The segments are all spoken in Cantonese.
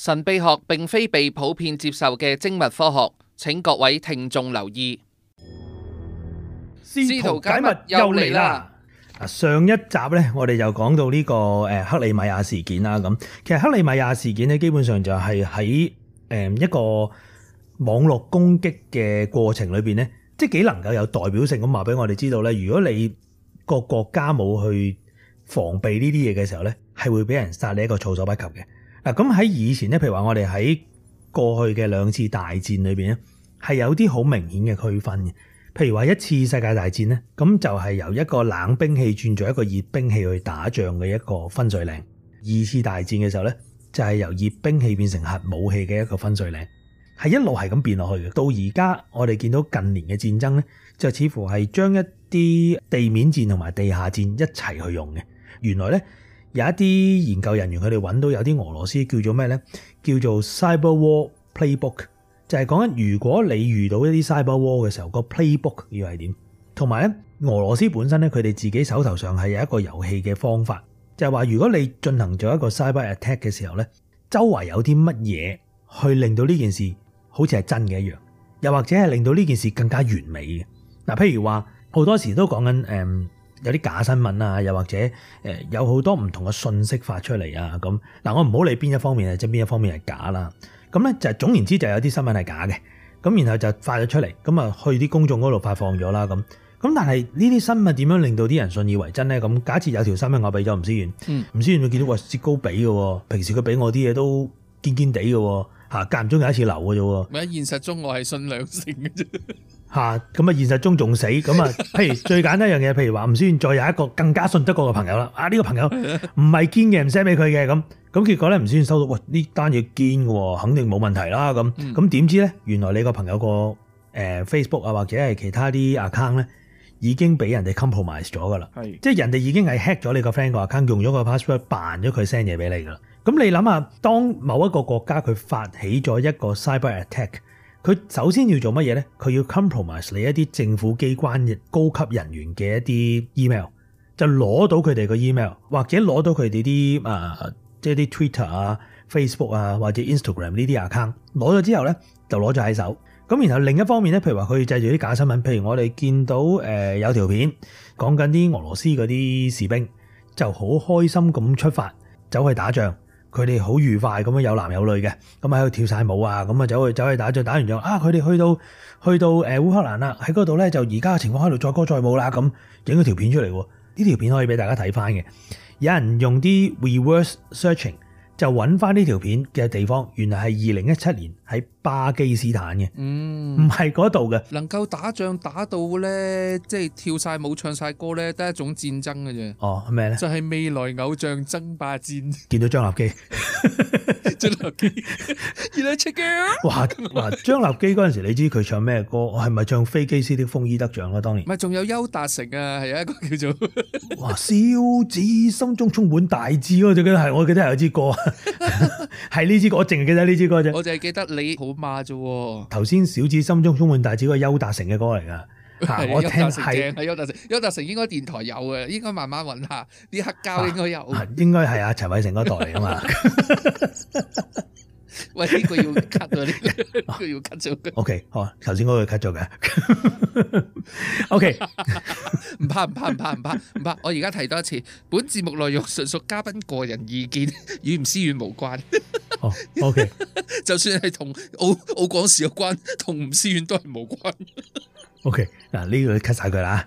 神秘學並非被普遍接受嘅精密科學，請各位聽眾留意。試圖解密又嚟啦！嗱，上一集咧，我哋就講到呢個誒克里米亞事件啦。咁其實克里米亞事件咧，基本上就係喺誒一個網絡攻擊嘅過程裏邊咧，即係幾能夠有代表性咁話俾我哋知道咧。如果你個國家冇去防備呢啲嘢嘅時候咧，係會俾人殺你一個措手不及嘅。嗱，咁喺以前咧，譬如話我哋喺過去嘅兩次大戰裏邊咧，係有啲好明顯嘅區分嘅。譬如話一次世界大戰咧，咁就係、是、由一個冷兵器轉做一個熱兵器去打仗嘅一個分水嶺。二次大戰嘅時候咧，就係、是、由熱兵器變成核武器嘅一個分水嶺，係一路係咁變落去嘅。到而家我哋見到近年嘅戰爭咧，就似乎係將一啲地面戰同埋地下戰一齊去用嘅。原來咧。有一啲研究人員，佢哋揾到有啲俄羅斯叫做咩呢？叫做 cyber war playbook，就係講緊如果你遇到一啲 cyber war 嘅時候，個 playbook 要係點？同埋咧，俄羅斯本身咧，佢哋自己手頭上係有一個遊戲嘅方法，就係話如果你進行咗一個 cyber attack 嘅時候咧，周圍有啲乜嘢去令到呢件事好似係真嘅一樣，又或者係令到呢件事更加完美嘅。嗱，譬如話好多時都講緊誒有啲假新聞啊，又或者誒有好多唔同嘅信息發出嚟啊，咁嗱我唔好理邊一方面係，即係邊一方面係假啦。咁咧就總言之就有啲新聞係假嘅，咁然後就發咗出嚟，咁啊去啲公眾嗰度發放咗啦，咁咁但係呢啲新聞點樣令到啲人信以為真咧？咁假設有條新聞我俾咗吳思遠，吳、嗯、思遠會見到話雪糕俾嘅，平時佢俾我啲嘢都堅堅地嘅，嚇間唔中有一次流嘅啫。咪喺現實中我係信兩成嘅啫。 吓咁啊！現實中仲死咁啊！ 譬如最簡單一樣嘢，譬如話唔先再有一個更加信得過嘅朋友啦。啊呢、呢個朋友唔係堅嘅，唔 send 俾佢嘅咁咁結果咧，唔先收到。哇！呢單嘢堅喎，肯定冇問題啦。咁咁點知咧？原來你個朋友個 Facebook 啊，或者係其他啲 account 咧，已經俾人哋 compromise 咗㗎啦。的即係人哋已經係 hack 咗你個 friend 個 account，用咗個 password 扮咗佢 send 嘢俾你㗎啦。咁你諗下，當某一個國家佢發起咗一個 cyber attack。佢首先要做乜嘢呢？佢要 compromise 你一啲政府機關嘅高級人員嘅一啲 email，就攞到佢哋嘅 email，或者攞到佢哋啲啊，即係啲 Twitter Facebook，啊、Facebook 啊或者 Instagram 呢啲 account，攞咗之後呢，就攞咗喺手。咁然後另一方面呢，譬如話佢製造啲假新聞，譬如我哋見到、呃、有條片講緊啲俄羅斯嗰啲士兵就好開心咁出發走去打仗。佢哋好愉快咁樣有男有女嘅，咁喺度跳晒舞啊，咁啊走去走去打仗打完仗啊！佢哋去到去到誒烏克蘭啦，喺嗰度咧就而家嘅情況，喺度載歌載舞啦，咁影咗條片出嚟喎。呢條片可以俾大家睇翻嘅，有人用啲 reverse searching 就揾翻呢條片嘅地方，原來係二零一七年喺。巴基斯坦嘅，嗯，唔係嗰度嘅，能夠打仗打到咧，即係跳晒舞唱晒歌咧，得一種戰爭嘅啫。哦，咩咧？就係未來偶像爭霸戰，見到張立基，張 立基，原來出鏡啊，哇哇，張立基嗰陣時，你知佢唱咩歌？我係咪唱《飛機師的風衣》得獎啊？當年咪仲有邱達成啊，係一個叫做哇， 小子」，心中充滿大志咯、啊，最緊係我記得係有支歌，係呢 支，支歌，我淨係記得呢支歌啫，我淨係記得你好。嘛啫，頭先、啊、小子心中充滿大志嗰個邱達成嘅歌嚟噶，我聽係係邱達成，邱達成應該電台有嘅，應該慢慢揾下啲黑膠應該有，啊、應該係阿陳偉成嗰代嚟啊嘛。 喂，呢個要 cut 咗，呢個要 cut 咗佢。O K，好啊，頭先嗰個 cut 咗嘅。O K，唔怕唔怕唔怕唔怕唔怕，我而家提多一次， 本節目內容純屬嘉賓個人意見，與吳思遠無關。 o、oh, K，okay. 就算係同澳澳廣視有關，同吳思遠都係無關。O K，嗱呢個都 cut 晒佢啦。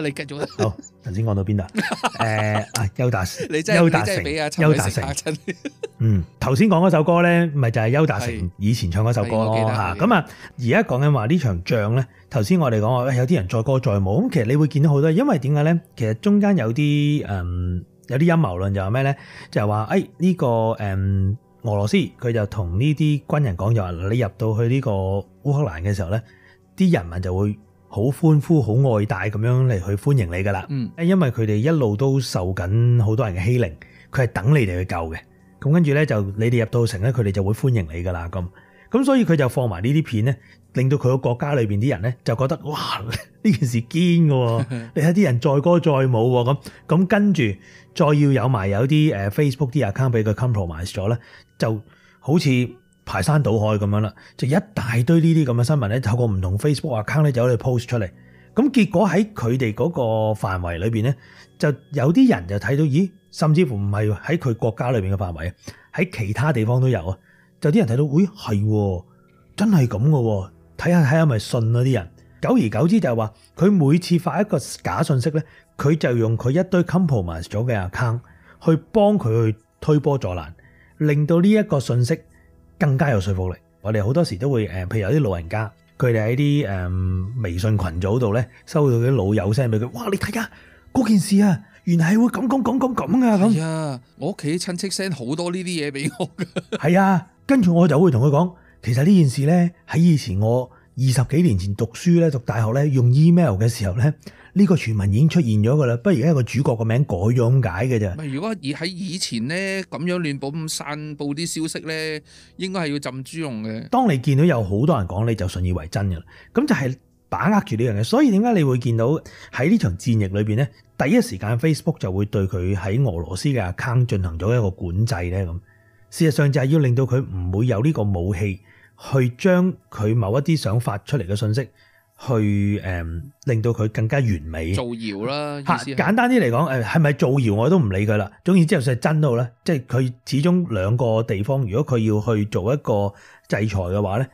你繼續好、 oh,，頭先講到邊啊？邱達成，你真係邱真係俾阿陳偉成嚇親，達成嗯，頭先講嗰首歌咧，咪就係邱達成以前唱嗰首歌咯嚇。咁啊，而家講緊話呢場仗咧，頭先我哋講話有啲人載歌載舞，咁其實你會見到好多，因為點解咧？其實中間有啲誒、嗯，有啲陰謀論就係咩咧？就係話誒呢個誒、嗯、俄羅斯，佢就同呢啲軍人講就話，你入到去呢個烏克蘭嘅時候咧，啲人民就會，好歡呼、好愛戴咁樣嚟去歡迎你噶啦，嗯、因為佢哋一路都受緊好多人嘅欺凌，佢係等你哋去救嘅。咁跟住咧就你哋入到城咧，佢哋就會歡迎你噶啦。咁，咁所以佢就放埋呢啲片咧，令到佢個國家裏邊啲人咧就覺得 哇，呢件事堅喎、啊， 你睇啲人載歌載舞喎，咁，咁跟住再要有埋有啲誒 Facebook 啲 account 俾佢 compromise 咗咧，就好似。排山倒海咁樣啦，就一大堆呢啲咁嘅新聞咧，透過唔同 Facebook account 咧，走去 post 出嚟。咁結果喺佢哋嗰個範圍裏邊咧，就有啲人就睇到，咦？甚至乎唔係喺佢國家裏邊嘅範圍，喺其他地方都有啊。就啲人睇到，咦係真係咁嘅喎？睇下睇下，咪信咯啲人。久而久之就話佢每次發一個假信息咧，佢就用佢一堆 compromise 咗嘅 account 去幫佢去推波助瀾，令到呢一個信息。更加有說服力。我哋好多時都會誒，譬如有啲老人家，佢哋喺啲誒微信群組度咧，收到啲老友 send 俾佢。哇！你睇下嗰件事啊，原來係會咁咁咁咁咁啊！係啊，我屋企親戚 send 好多呢啲嘢俾我㗎。係 啊，跟住我就會同佢講，其實呢件事咧喺以前我。二十幾年前讀書咧，讀大學咧，用 email 嘅時候咧，呢、這個傳聞已經出現咗噶啦。不過而家個主角名個名改咗咁解嘅啫。如果以喺以前咧咁樣亂報咁散佈啲消息咧，應該係要浸豬用嘅。當你見到有好多人講，你就信以為真嘅啦。咁就係把握住呢樣嘢。所以點解你會見到喺呢場戰役裏面咧，第一時間 Facebook 就會對佢喺俄羅斯嘅 account 進行咗一個管制咧咁。事實上就係要令到佢唔會有呢個武器。去將佢某一啲想發出嚟嘅信息，去誒令到佢更加完美。造謠啦，嚇！簡單啲嚟講，係咪造謠我都唔理佢啦。總言之，就算真都好咧，即係佢始終兩個地方，如果佢要去做一個制裁嘅話咧，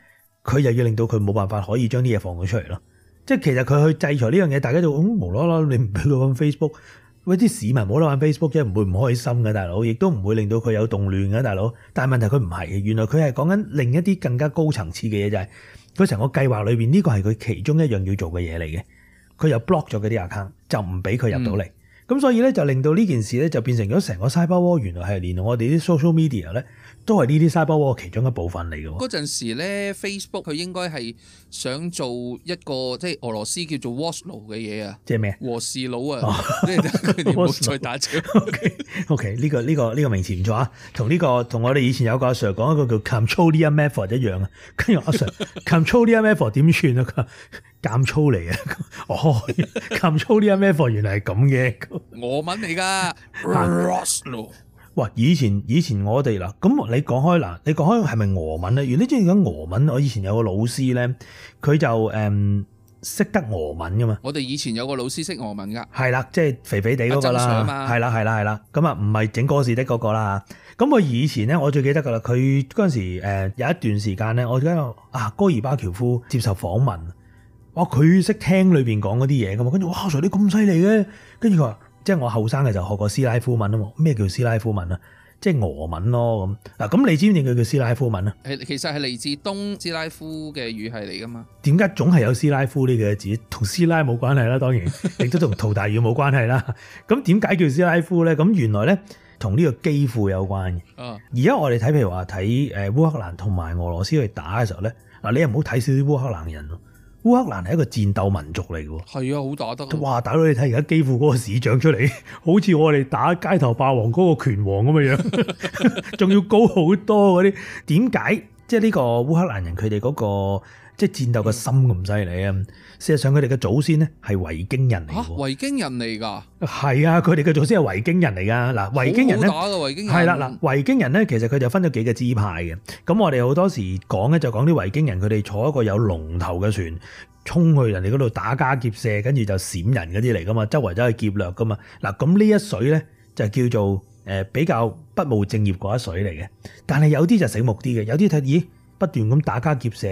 佢又要令到佢冇辦法可以將啲嘢放咗出嚟咯。即係其實佢去制裁呢樣嘢，大家就無啦啦，你唔俾佢揾 Facebook。喂，啲市民冇得玩 Facebook，即係唔會唔開心嘅，大佬，亦都唔會令到佢有動亂嘅，大佬。但係問題佢唔係，原來佢係講緊另一啲更加高層次嘅嘢，就係佢成個計劃裏邊呢個係佢其中一樣要做嘅嘢嚟嘅。佢又 block 咗嗰啲 account，就唔俾佢入到嚟。咁、嗯、所以咧就令到呢件事咧就變成咗成個 cyber war。原來係連我哋啲 social media 咧。都係呢啲 Cyberwar 其中一部分嚟嘅喎。嗰陣時咧，Facebook 佢應該係想做一個即係俄羅斯叫做 Washlow 嘅嘢啊，即係咩？和事佬啊！哦、再打仗。OK OK，呢個呢個呢個名詞唔錯啊。同呢、呢個同我哋以前有個阿 Sir 講一個叫 control 呢一 method 一樣啊。跟住阿 Sir，Ctrl o 呢一 method 點 算啊？減 粗嚟嘅。哦，control 呢一 method 原來係咁嘅。俄文嚟㗎 Washlow。哇！以前以前我哋啦，咁你講開嗱，你講開係咪俄文咧？如果你中意講俄文，我以前有個老師咧，佢就誒識、嗯、得俄文噶嘛。我哋以前有個老師識俄文噶。係啦，即係肥肥哋嗰、那個啦。阿啦，係啦，係啦。咁啊，唔係整歌士的嗰個啦。咁我以前咧，我最記得噶啦，佢嗰陣時有一段時間咧，我記得啊，戈爾巴喬夫接受訪問，哇！佢識聽裏邊講嗰啲嘢噶嘛，跟住哇，Sir 你咁犀利嘅，跟住佢話。即係我後生嘅就學過斯拉夫文啊，嘛，咩叫斯拉夫文啊？即係俄文咯，咁嗱。咁、啊、你知唔知佢叫斯拉夫文啊？其其實係嚟自東斯拉夫嘅語系嚟噶嘛。點解總係有斯拉夫呢個字？同斯拉冇關係啦，當然亦都同陶大宇冇關係啦。咁點解叫斯拉夫咧？咁原來咧同呢個基庫有關嘅。而家、啊、我哋睇譬如話睇烏克蘭同埋俄羅斯去打嘅時候咧，嗱，你又唔好睇少啲烏克蘭人咯。烏克蘭係一個戰鬥民族嚟嘅喎，係啊，好打得！哇，大佬你睇而家基輔嗰個市長出嚟，好似我哋打街頭霸王嗰個拳王咁嘅樣，仲 要高好多嗰啲。點解即係呢個烏克蘭人佢哋嗰個？即係戰鬥嘅心咁犀利啊！事實上，佢哋嘅祖先咧係維京人嚟嘅。嚇，維京人嚟㗎？係啊，佢哋嘅祖先係維京人嚟㗎。嗱，維京人咧，係啦，嗱，維京人咧，其實佢就分咗幾個支派嘅。咁我哋好多時講咧，就講啲維京人佢哋坐一個有龍頭嘅船，衝去人哋嗰度打家劫舍，跟住就閃人嗰啲嚟㗎嘛，周圍走去劫掠㗎嘛。嗱，咁呢一水咧就叫做誒比較不務正業嗰一水嚟嘅。但係有啲就醒目啲嘅，有啲睇咦不斷咁打家劫舍。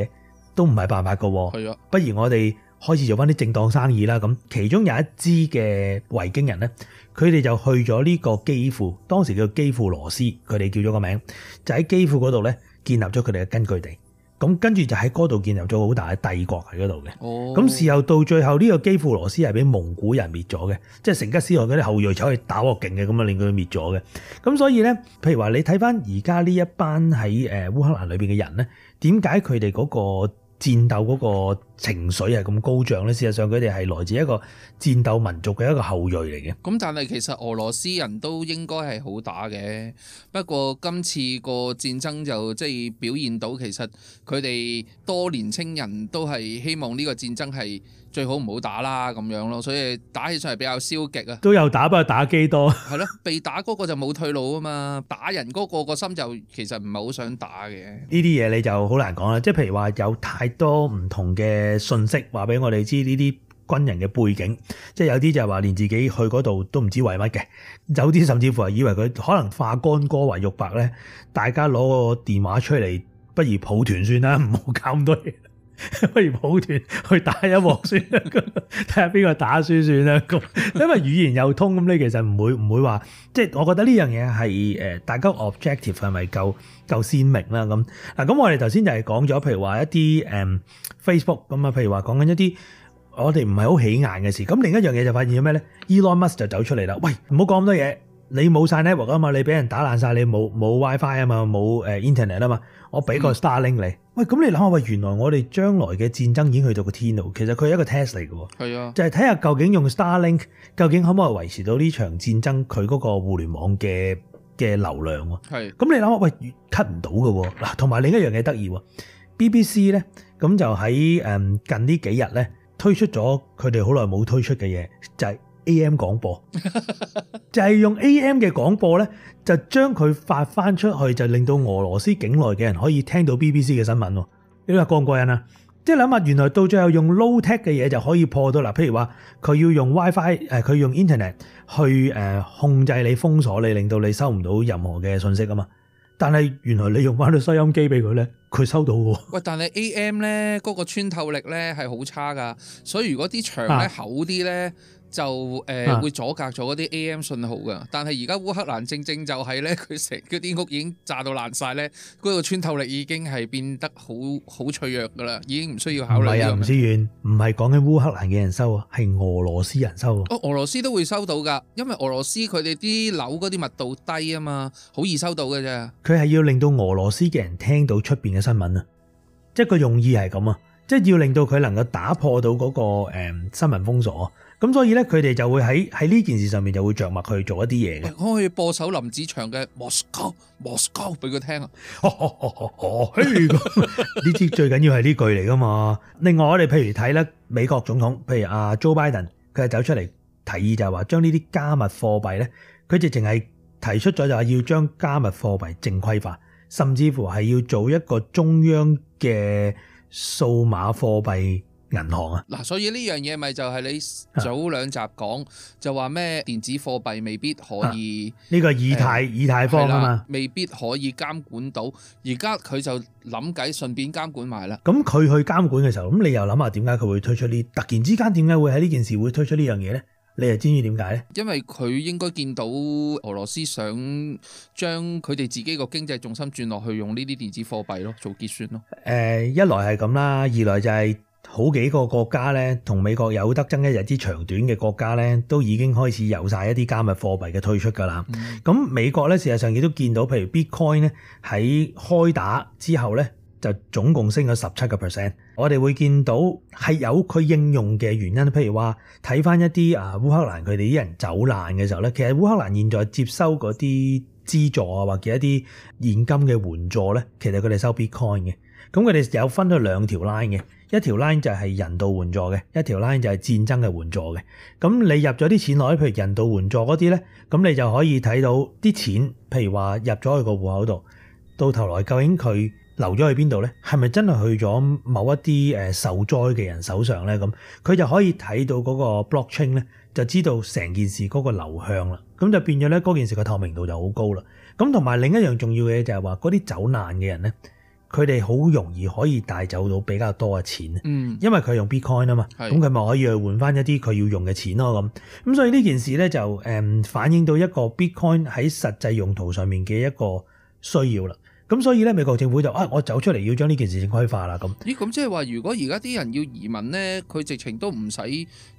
都唔係辦法噶，係啊的！不如我哋開始做翻啲正當生意啦。咁其中有一支嘅維京人咧，佢哋就去咗呢個基輔，當時叫做基輔羅斯，佢哋叫咗個名，就喺基輔嗰度咧建立咗佢哋嘅根據地。咁跟住就喺嗰度建立咗好大嘅帝國喺嗰度嘅。哦！咁事後到最後呢個基輔羅斯係俾蒙古人滅咗嘅，即係成吉思汗嗰啲後裔走去打惡勁嘅，咁啊令佢滅咗嘅。咁所以咧，譬如話你睇翻而家呢一班喺誒烏克蘭裏邊嘅人咧，點解佢哋嗰個？戰鬥嗰個情緒係咁高漲呢？事實上佢哋係來自一個戰鬥民族嘅一個後裔嚟嘅。咁但係其實俄羅斯人都應該係好打嘅，不過今次個戰爭就即係表現到其實佢哋多年青人都係希望呢個戰爭係。最好唔好打啦，咁樣咯，所以打起上嚟比較消極啊。都有打，不過打幾多？係咯，被打嗰個就冇退路啊嘛，打人嗰個個心就其實唔係好想打嘅。呢啲嘢你就好難講啦，即係譬如話有太多唔同嘅信息話俾我哋知呢啲軍人嘅背景，即係有啲就話連自己去嗰度都唔知為乜嘅，有啲甚至乎係以為佢可能化干哥為玉白化干戈為玉帛咧，大家攞個電話出嚟，不如抱團算啦，唔好搞咁多嘢。 不如普段去打一鑊先，睇下邊個打輸算啦。咁 因為語言又通，咁咧其實唔會唔會話，即、就、係、是、我覺得呢樣嘢係誒，大家 objective 係咪夠夠鮮明啦？咁嗱，咁我哋頭先就係講咗，譬如話一啲誒、um, Facebook 咁啊，譬如話講緊一啲我哋唔係好起眼嘅事。咁另一樣嘢就發現咗咩咧？Elon Musk 就走出嚟啦。喂，唔好講咁多嘢，你冇晒 network 啊嘛，你俾人打爛晒，你冇冇 WiFi 啊嘛，冇誒 Internet 啊嘛，我俾個 Starlink 你、嗯。喂，咁你諗下，喂，原來我哋將來嘅戰爭已經去到個天度，其實佢係一個 test 嚟嘅，係啊的，就係睇下究竟用 Starlink 究竟可唔可以維持到呢場戰爭佢嗰個互聯網嘅嘅流量啊，係，咁的你諗下，喂，cut 唔到㗎嗱，同埋另一樣嘢得意喎，BBC 咧，咁就喺近呢幾日咧推出咗佢哋好耐冇推出嘅嘢，就係、是。A.M. 廣播就係用 A.M. 嘅廣播咧，就將佢發翻出去，就令到俄羅斯境內嘅人可以聽到 B.B.C. 嘅新聞。你話過唔過癮啊？即係諗下，原來到最後用 low tech 嘅嘢就可以破到啦。譬如話佢要用 WiFi 誒，佢用 Internet 去控制你封鎖你，令到你收唔到任何嘅信息啊嘛。但係原來你用翻啲收音機俾佢咧，佢收到喎。喂，但係 A.M. 咧嗰個穿透力咧係好差噶，所以如果啲牆咧厚啲咧。啊就誒、呃啊、會阻隔咗嗰啲 AM 信號㗎。但係而家烏克蘭正正就係咧，佢成嗰啲屋已經炸到爛晒，咧，嗰個穿透力已經係變得好好脆弱噶啦，已經唔需要考慮。唔係啊，唔至於，唔係講緊烏克蘭嘅人收啊，係俄羅斯人收啊。哦，俄羅斯都會收到㗎，因為俄羅斯佢哋啲樓嗰啲密度低啊嘛，好易收到㗎啫。佢係要令到俄羅斯嘅人聽到出邊嘅新聞啊，即係個用意係咁啊，即係要令到佢能夠打破到嗰、嗰個、嗯、新聞封鎖。咁所以咧，佢哋就會喺喺呢件事上面就會著墨去做一啲嘢嘅。我可以播首林子祥嘅《莫斯科莫斯科》俾佢聽啊！呢啲最緊要係呢句嚟噶嘛。另外我哋譬如睇咧美國總統，譬如阿 Joe Biden，佢係走出嚟提議就係話將呢啲加密貨幣咧，佢就淨係提出咗就係要將加密貨幣正規化，甚至乎係要做一個中央嘅數碼貨幣。銀行啊，嗱，所以呢樣嘢咪就係你早兩集講就話咩電子貨幣未必可以呢、啊啊這個以太、呃、以太坊啊嘛，未必可以監管到，而家佢就諗緊順便監管埋啦。咁佢去監管嘅時候，咁你又諗下點解佢會推出呢？突然之間點解會喺呢件事會推出呢樣嘢呢？你又知唔知點解呢？因為佢應該見到俄羅斯想將佢哋自己個經濟重心轉落去用呢啲電子貨幣咯做結算咯。誒、呃，一來係咁啦，二來就係、是。好幾個國家咧，同美國有得爭一日之長短嘅國家咧，都已經開始有晒一啲加密貨幣嘅推出㗎啦。咁、嗯、美國咧，事實上亦都見到，譬如 Bitcoin 咧喺開打之後咧，就總共升咗十七個 percent。我哋會見到係有佢應用嘅原因，譬如話睇翻一啲啊烏克蘭佢哋啲人走難嘅時候咧，其實烏克蘭現在接收嗰啲資助啊，或者一啲現金嘅援助咧，其實佢哋收 Bitcoin 嘅。咁佢哋有分咗兩條 line 嘅，一條 line 就係人道援助嘅，一條 line 就係戰爭嘅援助嘅。咁你入咗啲錢落去，譬如人道援助嗰啲咧，咁你就可以睇到啲錢，譬如話入咗去個戶口度，到頭來究竟佢留咗去邊度咧？係咪真係去咗某一啲誒受災嘅人手上咧？咁佢就可以睇到嗰個 blockchain 咧，就知道成件事嗰個流向啦。咁就變咗咧，嗰件事個透明度就好高啦。咁同埋另一樣重要嘅就係話，嗰啲走難嘅人咧。佢哋好容易可以帶走到比較多嘅錢，嗯，因為佢用 Bitcoin 啊嘛，咁佢咪可以去換翻一啲佢要用嘅錢咯咁，咁所以呢件事咧就誒反映到一個 Bitcoin 喺實際用途上面嘅一個需要啦。咁所以咧，美國政府就啊，我走出嚟要將呢件事情規化啦。咁咦，咁即係話，如果而家啲人要移民咧，佢直情都唔使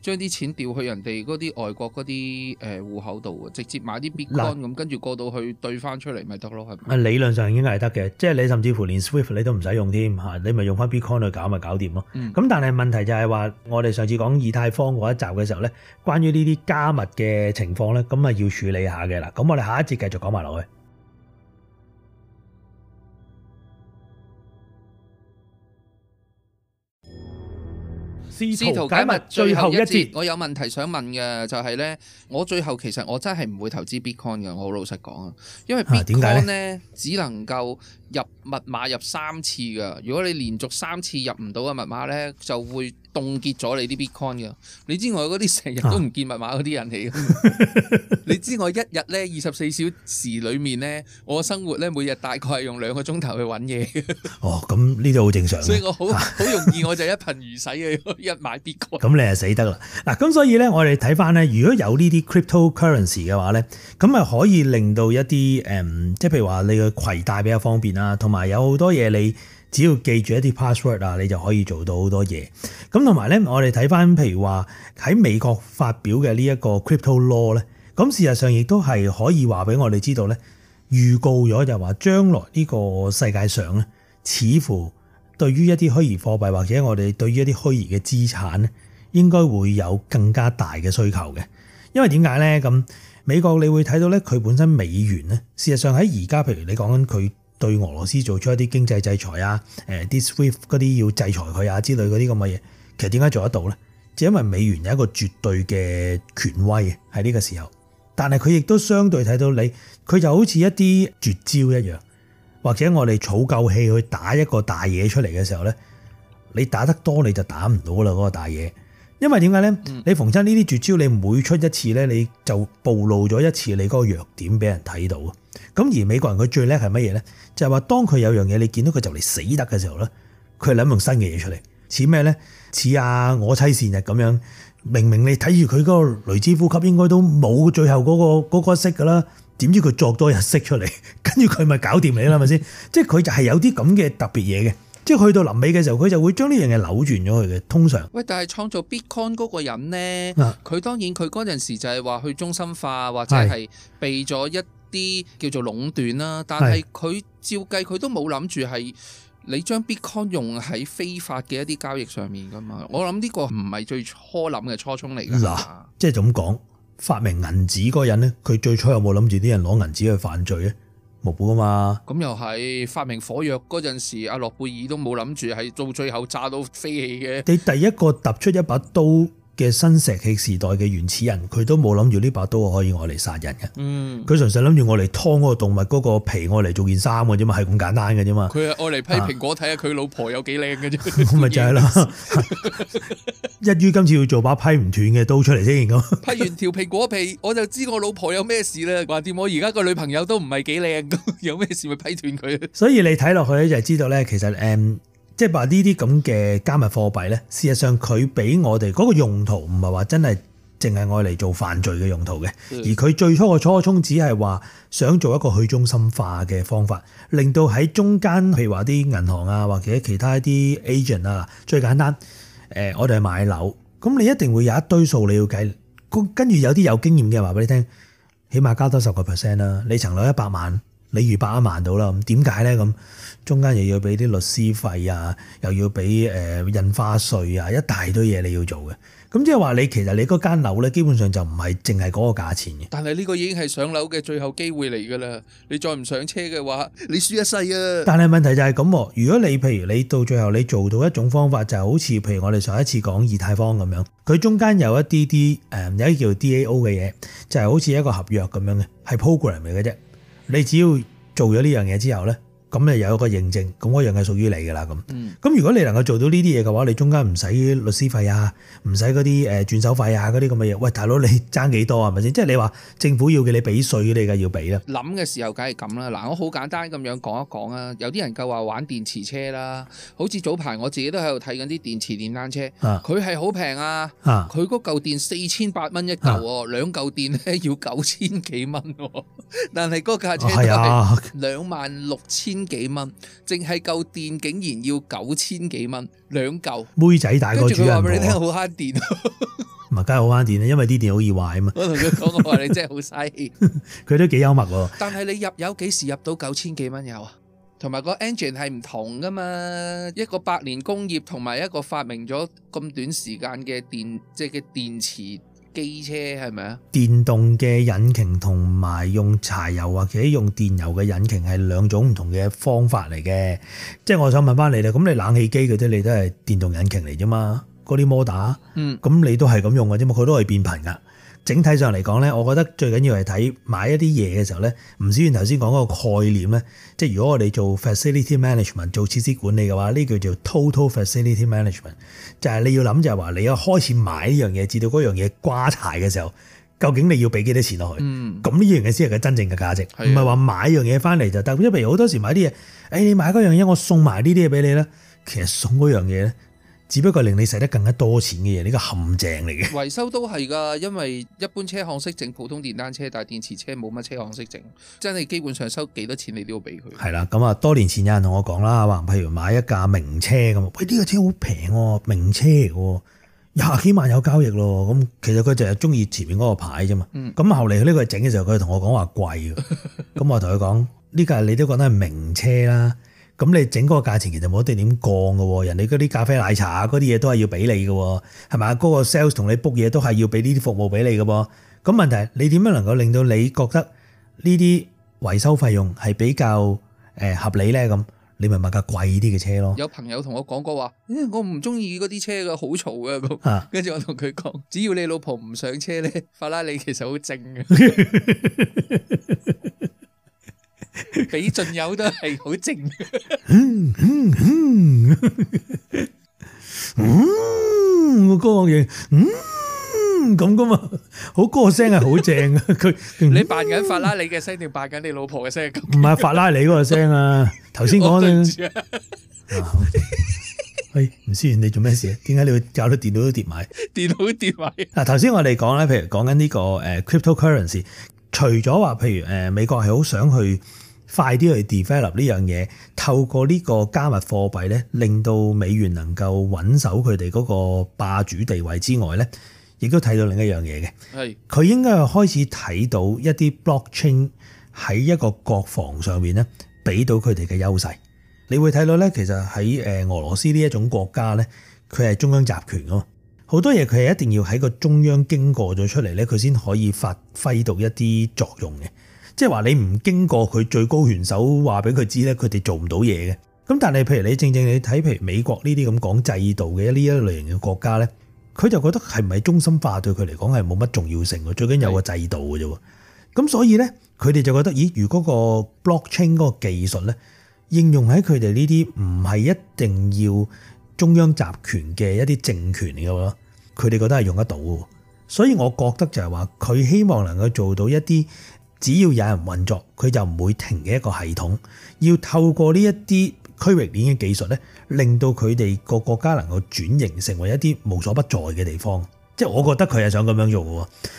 將啲錢調去人哋嗰啲外國嗰啲誒戶口度，直接買啲 bitcoin 咁那，跟住過到去兌翻出嚟咪得咯，係咪？理論上已經係得嘅，即係你甚至乎連 Swift 你都唔使用添吓，你咪用翻 bitcoin 去搞咪搞掂咯。咁、嗯、但係問題就係話，我哋上次講以太坊嗰一集嘅時候咧，關於呢啲加密嘅情況咧，咁啊要處理下嘅啦。咁我哋下一節繼續講埋落去。試圖解密最後一節，我有問題想問嘅就係咧，我最後其實我真係唔會投資 Bitcoin 嘅，我好老實講啊，因為 Bitcoin 咧只能夠，入密碼入三次噶，如果你連續三次入唔到嘅密碼咧，就會凍結咗你啲 Bitcoin 嘅。你知我嗰啲成日都唔見密碼嗰啲人嚟嘅。啊、你知我一日咧，二十四小時裡面咧，我生活咧，每日大概係用兩個鐘頭去揾嘢。哦，咁呢度好正常。所以我好好容易我就一貧如洗嘅，一買 Bitcoin。咁、啊、你啊死得啦！嗱，咁所以咧，我哋睇翻咧，如果有呢啲 cryptocurrency 嘅話咧，咁啊可以令到一啲誒，即係譬如話你嘅攜帶比較方便啦。啊，同埋有好多嘢，你只要記住一啲 password 啊，你就可以做到好多嘢。咁同埋咧，我哋睇翻，譬如話喺美國發表嘅呢一個 crypto law 咧，咁事實上亦都係可以話俾我哋知道咧，預告咗就話將來呢個世界上咧，似乎對於一啲虛擬貨幣或者我哋對於一啲虛擬嘅資產咧，應該會有更加大嘅需求嘅。因為點解咧？咁美國你會睇到咧，佢本身美元咧，事實上喺而家譬如你講緊佢，對俄羅斯做出一啲經濟制裁啊，誒啲 Swift 嗰啲要制裁佢啊之類嗰啲咁嘅嘢，其實點解做得到呢？就因為美元有一個絕對嘅權威嘅喺呢個時候，但係佢亦都相對睇到你，佢就好似一啲絕招一樣，或者我哋儲夠氣去打一個大嘢出嚟嘅時候呢，你打得多你就打唔到啦嗰個大嘢。因為點解咧？你逢親呢啲絕招，你每出一次咧，你就暴露咗一次你嗰個弱點俾人睇到啊！咁而美國人佢最叻係乜嘢咧？就係話當佢有樣嘢你見到佢就嚟死得嘅時候咧，佢諗用新嘅嘢出嚟，似咩咧？似啊我妻善逸咁樣，明明你睇住佢嗰個雷之呼吸應該都冇最後嗰個嗰個息噶啦，點知佢作多一息出嚟，跟住佢咪搞掂你啦？係咪先？即係佢就係有啲咁嘅特別嘢嘅。即係去到臨尾嘅時候，佢就會將呢樣嘢扭轉咗佢嘅通常。喂，但係創造 Bitcoin 嗰個人咧，佢、啊、當然佢嗰陣時就係話去中心化或者係避咗一啲叫做壟斷啦。的但係佢照計佢都冇諗住係你將 Bitcoin 用喺非法嘅一啲交易上面噶嘛。我諗呢個唔係最初諗嘅初衷嚟㗎。嗱、啊，即係咁講，發明銀紙嗰個人咧，佢最初有冇諗住啲人攞銀紙去犯罪咧？咁又係，發明火藥嗰陣時，阿諾貝爾都冇諗住係到最後炸到飛起嘅。你第一個揼出一把刀嘅新石器時代嘅原始人，佢都冇諗住呢把刀可以愛嚟殺人嘅。嗯，佢純粹諗住愛嚟劏嗰個動物嗰個皮，愛嚟做件衫嘅啫嘛，係咁簡單嘅啫嘛。佢係愛嚟批蘋果看看，睇下佢老婆有幾靚嘅啫。咁咪就係咯， 一於今次要做把批唔斷嘅刀出嚟先，咁批完條蘋果皮，我就知我老婆有咩事啦。話掂我而家個女朋友都唔係幾靚嘅，有咩事咪批斷佢。所以你睇落去咧，就係知道咧，其實誒。嗯即係話呢啲咁嘅加密貨幣咧，事實上佢俾我哋嗰個用途唔係話真係淨係愛嚟做犯罪嘅用途嘅，嗯、而佢最初嘅初衷只係話想做一個去中心化嘅方法，令到喺中間譬如話啲銀行啊，或者其他一啲 agent 啊，最簡單，我哋去買樓，咁你一定會有一堆數你要計，跟住有啲有經驗嘅話俾你聽，起碼加多十個 percent 啦，你層樓一百萬。你預八萬到啦，咁點解呢？咁中間又要俾啲律師費啊，又要俾誒印花稅啊，一大堆嘢你要做嘅。咁即係話你其實你嗰間樓呢，基本上就唔係淨係嗰個價錢嘅。但係呢個已經係上樓嘅最後機會嚟㗎啦！你再唔上車嘅話，你輸一世啊！但係問題就係咁，如果你譬如你到最後你做到一種方法，就係、好似譬如我哋上一次講以太坊咁樣，佢中間有一啲啲誒有啲叫 DAO 嘅嘢，就係、係、好似一個合約咁樣嘅，係 program 嚟嘅啫。你只要做咗呢樣嘢之後咧。咁咧有一個認證，咁嗰樣係屬於你噶啦，咁。咁如果你能夠做到呢啲嘢嘅話，你中間唔使律師費啊，唔使嗰啲誒轉手費啊，嗰啲咁嘅嘢。喂，大佬你爭幾多啊？係咪先，即係你話政府要嘅你俾稅，你梗係要俾啦。諗嘅時候梗係咁啦。嗱，我好簡單咁樣講一講啊。有啲人夠話玩電池車啦，好似早排我自己都喺度睇緊啲電池電單車。啊，佢係好平啊！啊，佢嗰嚿電四千八蚊一嚿喎，兩嚿電咧要九千幾蚊。但係嗰架車都係兩萬六千。幾蚊，淨係嚿電竟然要九千幾蚊兩舊，兩妹仔大過主人婆，佢話俾你聽好慳電，唔係梗係好慳電啊，因為啲電好易壞啊嘛。我同佢講，我話你真係好嘥氣，佢都幾幽默喎。但係你入油幾時入到九千幾蚊油啊？有同埋個 engine 係唔同噶嘛，一個百年工業同埋一個發明咗咁短時間嘅電即係嘅電池。機車係咪啊？電動嘅引擎同埋用柴油或者用電油嘅引擎係兩種唔同嘅方法嚟嘅，即係我想問翻你咧，咁你冷氣機嘅啫，你都係電動引擎嚟啫嘛，嗰啲 motor，咁你都係咁用嘅啫嘛，佢都係變頻噶。整體上嚟講咧，我覺得最緊要係睇買一啲嘢嘅時候咧，唔似於頭先講嗰個概念咧，即係如果我哋做 facility management 做設施管理嘅話，呢叫做 total facility management，就係你要諗就係話你一開始買呢樣嘢，至到嗰樣嘢瓜柴嘅時候，究竟你要俾幾多錢落去？咁呢、嗯、樣嘢先係佢真正嘅價值，唔係話買一樣嘢翻嚟就，得。特別譬如好多時買啲嘢，誒、哎、你買嗰樣嘢，我送埋呢啲嘢俾你咧，其實送嗰樣嘢咧。只不過令你使得更加多錢嘅嘢，呢個陷阱嚟嘅。維修都係噶，因為一般車行識整普通電單車，但係電池車冇乜車行識整，真係基本上收幾多錢你都要俾佢。係啦，咁啊，多年前有人同我講啦，話譬如買一架名車咁，喂呢個車好平喎，名車喎，廿幾萬有交易咯。咁其實佢就係中意前面嗰個牌啫嘛。咁、嗯、後嚟呢個整嘅時候，佢同我講話貴，咁 我同佢講呢架你都覺得係名車啦。咁你整嗰個價錢其實冇一定點降嘅喎，人哋嗰啲咖啡奶茶嗰啲嘢都係要俾你嘅喎，係咪啊？嗰、嗰個 sales 同你 book 嘢都係要俾呢啲服務俾你嘅喎。咁問題你點樣能夠令到你覺得呢啲維修費用係比較誒合理咧？咁你咪買架貴啲嘅車咯。有朋友同我講過話、欸，我唔中意嗰啲車嘅好嘈嘅咁，跟住我同佢講，啊、只要你老婆唔上車咧，法拉利其實好靜。 俾盡友都係好正，嗯嗯嗯，嗯個歌王嘢，嗯咁噶嘛，好歌聲係好正嘅。佢、嗯、你扮緊法拉利嘅聲定扮緊你老婆嘅聲？唔係法拉利嗰個聲啊！頭先講啊，係吳、 哎、思你做咩事？啊點解你會搞到電腦都跌埋？電腦都跌埋。嗱，頭先我哋講咧，譬如講緊呢個誒，cryptocurrency，除咗話，譬如誒，美國係好想去。快啲去 develop 呢樣嘢，透過呢個加密貨幣咧，令到美元能夠穩守佢哋嗰個霸主地位之外咧，亦都睇到另一樣嘢嘅。係佢是應該係開始睇到一啲 blockchain 喺一個國防上面咧，俾到佢哋嘅優勢。你會睇到咧，其實喺誒俄羅斯呢一種國家咧，佢係中央集權啊嘛，好多嘢佢係一定要喺個中央經過咗出嚟咧，佢先可以發揮到一啲作用嘅。即係話你唔經過佢最高元首話俾佢知咧，佢哋做唔到嘢嘅。咁但係譬如你正正你睇，譬如美國呢啲咁講制度嘅呢一類型嘅國家咧，佢就覺得係唔係中心化對佢嚟講係冇乜重要性嘅，最緊有個制度嘅啫。咁是所以咧，佢哋就覺得，咦？如果個 block chain 嗰個技術咧，應用喺佢哋呢啲唔係一定要中央集權嘅一啲政權嘅話，佢哋覺得係用得到。所以我覺得就係話佢希望能夠做到一啲。只要有人運作，佢就唔會停嘅一個系統。要透過呢一啲區域鏈嘅技術咧，令到佢哋個國家能夠轉型成為一啲無所不在嘅地方。即係我覺得佢係想咁樣做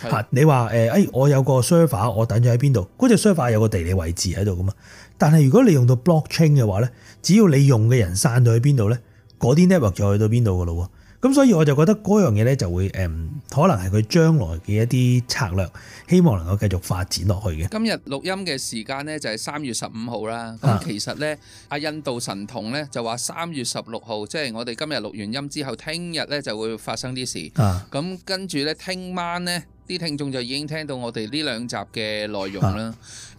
嘅的你話誒，誒、欸，我有個 e r 我等住喺邊度？嗰、那、server、個、有個地理位置喺度噶嘛？但係如果你用到 block chain 嘅話咧，只要你用嘅人散去到喺邊度咧，嗰啲 network 就去到邊度噶喎。咁所以我就覺得嗰樣嘢呢就會誒，可能係佢將來嘅一啲策略，希望能夠繼續發展落去嘅。今日錄音嘅時間呢就係三月十五號啦。咁其實呢，阿印度神童呢就話三月十六號，即係我哋今日錄完音之後，聽日呢就會發生啲事。咁跟住呢，聽晚呢啲聽眾就已經聽到我哋呢兩集嘅內容啦。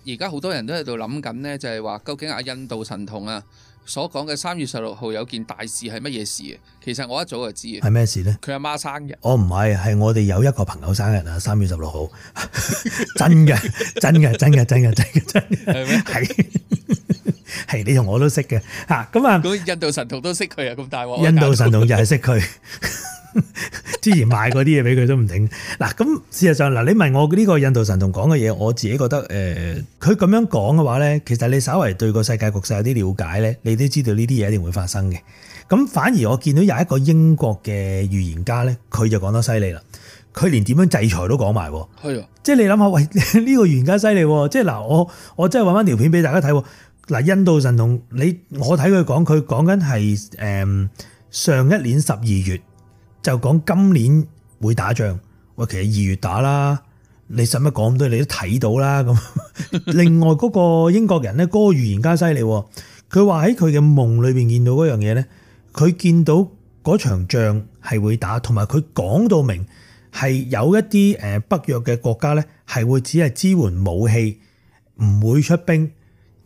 而家好多人都喺度諗緊呢，就係話究竟阿印度神童啊，所講嘅三月十六號有件大事係乜嘢事？其實我一早就知嘅。係咩事呢？佢阿媽生日。哦、不是是我唔係，係我哋有一個朋友生日啊！三月十六號，真嘅，真嘅，真嘅，真嘅，真嘅，真係咩？係係你同我都識嘅嚇。咁啊，印度神童都識佢啊！咁大鑊，印度神童就係識佢。 之前買嗰啲嘢俾佢都唔頂嗱。咁事實上嗱，你問我呢個印度神童講嘅嘢，我自己覺得誒，佢、呃、咁樣講嘅話咧，其實你稍為對個世界局勢有啲了解咧，你都知道呢啲嘢一定會發生嘅。咁反而我見到有一個英國嘅預言家咧，佢就講得犀利啦。佢連點樣制裁都講埋，係啊，即係你諗下，喂呢、呢個預言家犀利，即係嗱，我我真係搵翻條片俾大家睇嗱。印度神童，你我睇佢講，佢講緊係誒上一年十二月。就講今年會打仗，喂，其實二月打啦，你使乜講咁多，你都睇到啦。咁另外嗰個英國人咧，嗰個預言家犀利，佢話喺佢嘅夢裏邊見到嗰樣嘢咧，佢見到嗰場仗係會打，同埋佢講到明係有一啲誒北約嘅國家咧，係會只係支援武器，唔會出兵。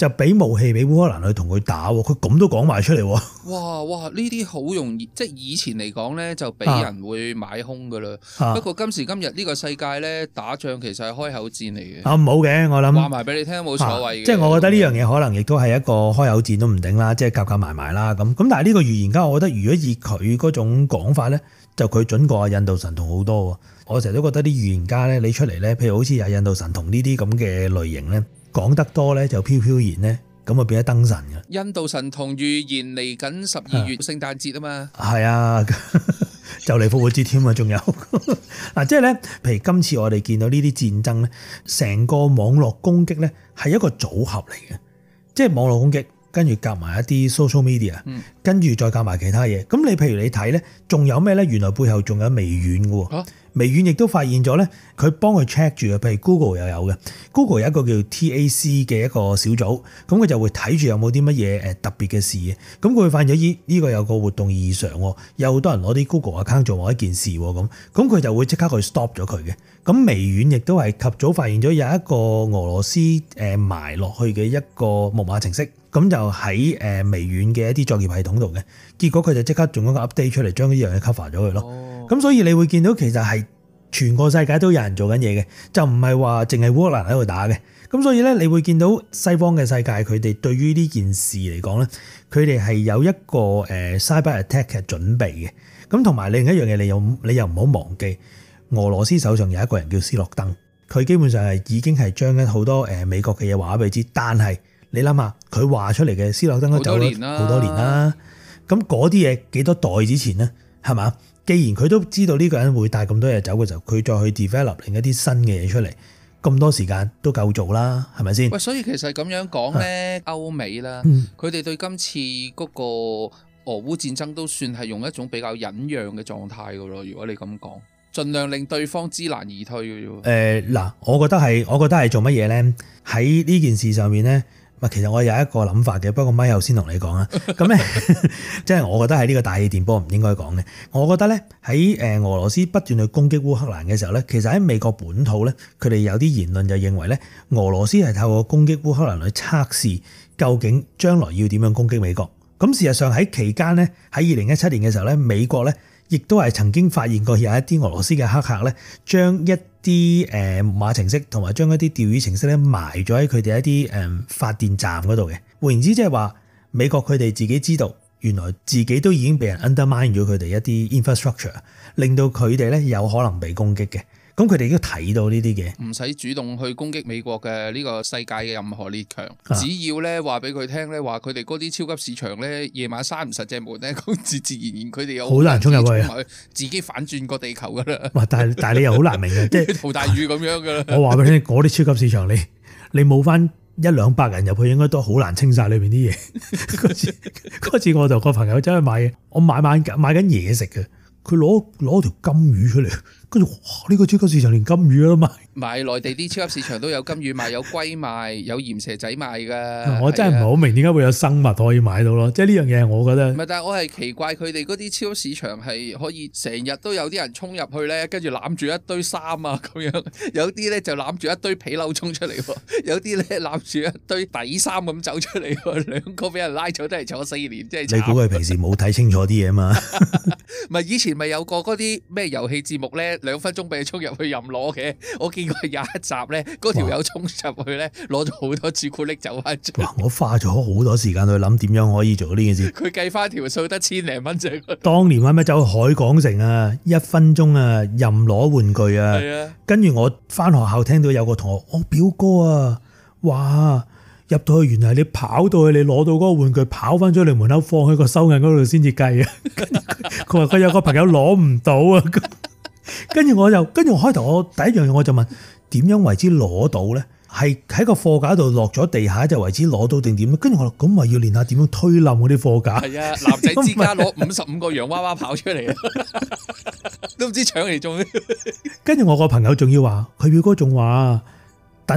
就俾武器俾烏克蘭去同佢打，佢咁都講埋出嚟。哇哇！呢啲好容易，即係以前嚟講咧，就俾人會買空噶啦。啊、不過今時今日呢個世界咧，打仗其實係開口戰嚟嘅。啊唔好嘅，我諗話埋俾你聽冇所謂、啊、即係我覺得呢樣嘢可能亦都係一個開口戰都唔定啦，即係夾夾埋埋啦咁。咁但係呢個預言家，我覺得如果以佢嗰種講法咧，就佢準過印度神童好多。我成日都覺得啲預言家咧，你出嚟咧，譬如好似啊印度神童呢啲咁嘅類型咧。講得多咧就飄飄然咧，咁啊變咗燈神嘅。印度神童預言嚟緊十二月聖誕節啊嘛，係啊，就嚟復活節添啊，仲有嗱，即係咧，譬如今次我哋見到呢啲戰爭咧，成個網絡攻擊咧係一個組合嚟嘅，即係網絡攻擊跟住夾埋一啲 social media，跟住再夾埋其他嘢。咁你譬如你睇咧，仲有咩咧？原來背後仲有微軟喎。啊微軟亦都發現咗咧，佢幫佢 check 住嘅，譬如 Google 又有嘅，Google 有一個叫 TAC 嘅一個小組，咁佢就會睇住有冇啲乜嘢特別嘅事，咁佢發現咗，咦呢個有個活動異常喎，有好多人攞啲 Google account 做某一件事喎，咁咁佢就會即刻去 stop 咗佢嘅。咁微軟亦都係及早發現咗有一個俄羅斯埋落去嘅一個木馬程式，咁就喺微軟嘅一啲作業系統度嘅，結果佢就即刻做咗個 update 出嚟，將呢樣嘢 cover 咗佢咯。咁所以你會見到其實係全個世界都有人做緊嘢嘅，就唔係話淨係烏克蘭喺度打嘅。咁所以咧，你會見到西方嘅世界，佢哋對於呢件事嚟講咧，佢哋係有一個 cyber attack 嘅準備嘅。咁同埋另一樣嘢，你又你又唔好忘記，俄羅斯手上有一個人叫斯諾登，佢基本上係已經係將一好多美國嘅嘢話俾你知。但係你諗下，佢話出嚟嘅斯諾登都走咗好多年啦。咁嗰啲嘢幾多代之前咧？係嘛？既然佢都知道呢個人會帶咁多嘢走嘅時候，佢再去 develop 另一啲新嘅嘢出嚟，咁多時間都夠做啦，係咪先？喂，所以其實咁樣講呢，是歐美啦，佢哋、嗯、對今次嗰個俄烏戰爭都算係用一種比較忍讓嘅狀態噶咯，如果你咁講，盡量令對方知難而退嘅啫。嗱、呃，我覺得係，我覺得係做乜嘢呢？喺呢件事上面呢。其實我有一個諗法嘅，不過咪後先同你講啊。咁咧，即係我覺得喺呢個大氣電波唔應該講嘅。我覺得咧，喺俄羅斯不斷去攻擊烏克蘭嘅時候咧，其實喺美國本土咧，佢哋有啲言論就認為咧，俄羅斯係透過攻擊烏克蘭去測試究竟將來要點樣攻擊美國。咁事實上喺期間咧，喺二零一七年嘅時候咧，美國咧。亦都係曾經發現過有一啲俄羅斯嘅黑客咧，將一啲誒馬程式同埋將一啲釣魚程式咧埋咗喺佢哋一啲誒發電站嗰度嘅。換言之，即係話美國佢哋自己知道，原來自己都已經畀人 undermine 咗佢哋一啲 infrastructure，令到佢哋咧有可能被攻擊嘅。咁佢哋應該睇到呢啲嘢，唔使主動去攻擊美國嘅呢個世界嘅任何列強，啊、只要咧話俾佢聽咧，話佢哋嗰啲超級市場咧，夜晚閂唔實隻門咧，自自然然佢哋有好多人衝入去，自己反轉個地球噶啦。哇、啊！但係但係你又好難明嘅，即係、 就是、大雨咁樣噶啦。我話俾你聽，嗰啲超級市場，你你冇翻一兩百人入去，應該都好難清晒裏邊啲嘢。嗰次嗰次，次我同個朋友走去買嘢，我買我買買緊嘢食嘅，佢攞攞條金魚出嚟。跟住，呢、這個超級市場就連金魚都賣～賣內地啲超級市場都有金魚賣，有龜賣，有鹽蛇仔賣噶。我真係唔係好明點解會有生物可以買到咯，即係呢樣嘢，我覺得，唔係。但係我係奇怪佢哋嗰啲超級市場係可以成日都有啲人衝入去咧，跟住攬住一堆衫啊咁樣，有啲咧就攬住一堆皮褸衝出嚟，有啲咧攬住一堆底衫咁走出嚟，兩個俾人拉走都係坐四年，即係。你估佢平時冇睇清楚啲嘢嘛？唔係以前咪有個嗰啲咩遊戲節目咧，兩分鐘俾你衝入去任攞嘅，我見。個廿一集咧，嗰條友衝入去咧，攞咗好多朱古力走翻出。哇！我花咗好多時間去諗點樣可以做呢件事。佢計翻條數得千零蚊啫。當年係咪走去海港城啊，一分鐘啊，任攞玩具啊。係啊。跟住我翻學校聽到有個同學，我表哥啊，哇入到去，原來你跑到去，你攞到嗰個玩具，跑翻出嚟門口放喺個收銀嗰度先至計啊。跟住佢話佢有個朋友攞唔到啊。跟住 我就，跟住我開頭，我第一樣嘢我就問，點樣為之攞到咧？係喺個貨架度落咗地下就為之攞到定點咧？跟住我話，咁咪要練下點樣推冧嗰啲貨架？係啊，男仔之家攞五十五個洋娃娃跑出嚟啊， 都唔知搶嚟做咩。跟住我個朋友仲要話，佢表哥仲話。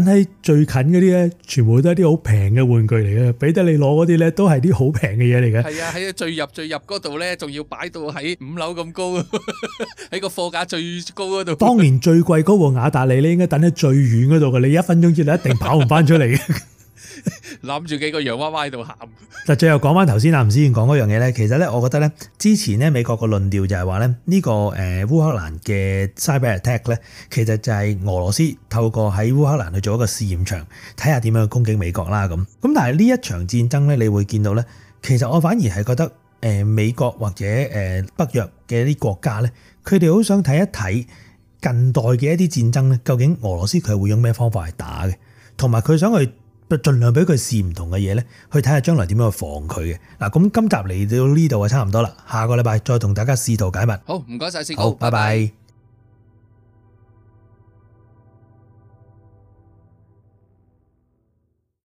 等喺最近嗰啲咧，全部都係啲好平嘅玩具嚟嘅，俾得你攞嗰啲咧，都係啲好平嘅嘢嚟嘅。係啊，喺最入最入嗰度咧，仲要擺到喺五樓咁高，喺 個貨架最高嗰度。當年最貴嗰個雅達利咧，你應該等喺最遠嗰度嘅，你一分鐘之後一定跑唔翻出嚟嘅。 諗住幾個洋娃娃喺度喊。但 最後講翻頭先啊吳思遠講嗰樣嘢咧，其實咧我覺得咧，之前咧美國個論調就係話咧，呢個誒烏克蘭嘅 Cyber attack 咧，其實就係俄羅斯透過喺烏克蘭去做一個試驗場，睇下點樣去攻擊美國啦咁。咁但係呢一場戰爭咧，你會見到咧，其實我反而係覺得誒美國或者誒北約嘅一啲國家咧，佢哋好想睇一睇近代嘅一啲戰爭咧，究竟俄羅斯佢會用咩方法去打嘅，同埋佢想去。就盡量俾佢試唔同嘅嘢咧，去睇下將來點樣去防佢嘅。嗱，咁今集嚟到呢度啊，差唔多啦。下個禮拜再同大家試圖解密。好，唔該曬先。好，拜拜。拜拜。